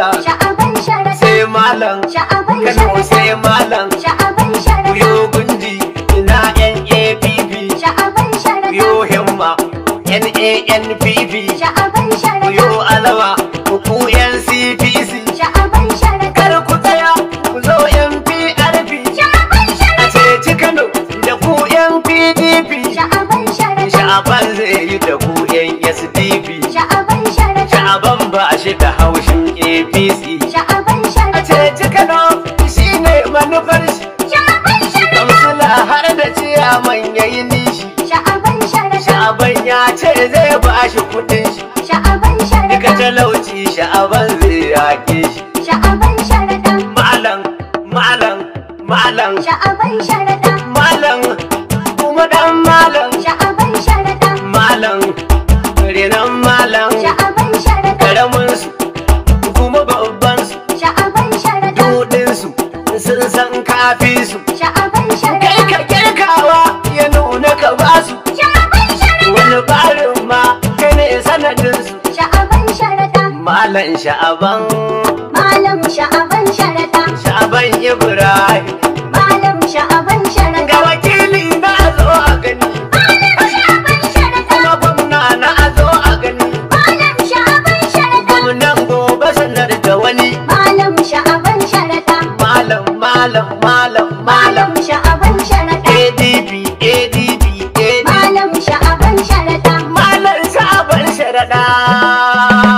sharafiya sha'aban sharafiya sai malam sha'aban sai malam sha'aban yo gunji ina NAPP sha'aban sharafiya yo himma NANPP sha'aban sharafiya yo alawa ku NCPC sha'aban kar ku tsaya ku zo MPRP sha'aban sharafiya a ceci Kano da ku NPDP sha'aban sha'aban zai yi da ku NSDP sha'aban sha'aban ba shi da hawa malang, malang, malang, malang, shi ne malang, shi malang, har da malang, malang, nishi malang, malang, ce zai ba shi malang, shi malang, talauci malang, malang, malang, malang, malam malam malam malam kuma dan malam sun san kafi su kai ka kirkawa ya nuna ka ba su wani barin ma kai ne sanadin su malam sha'aban malam sha'aban sharata sha'aban ibrahim malam malam malam sha'aban sharaɗa ADD ADD malam sha'aban sharaɗa malam sha'aban sharaɗa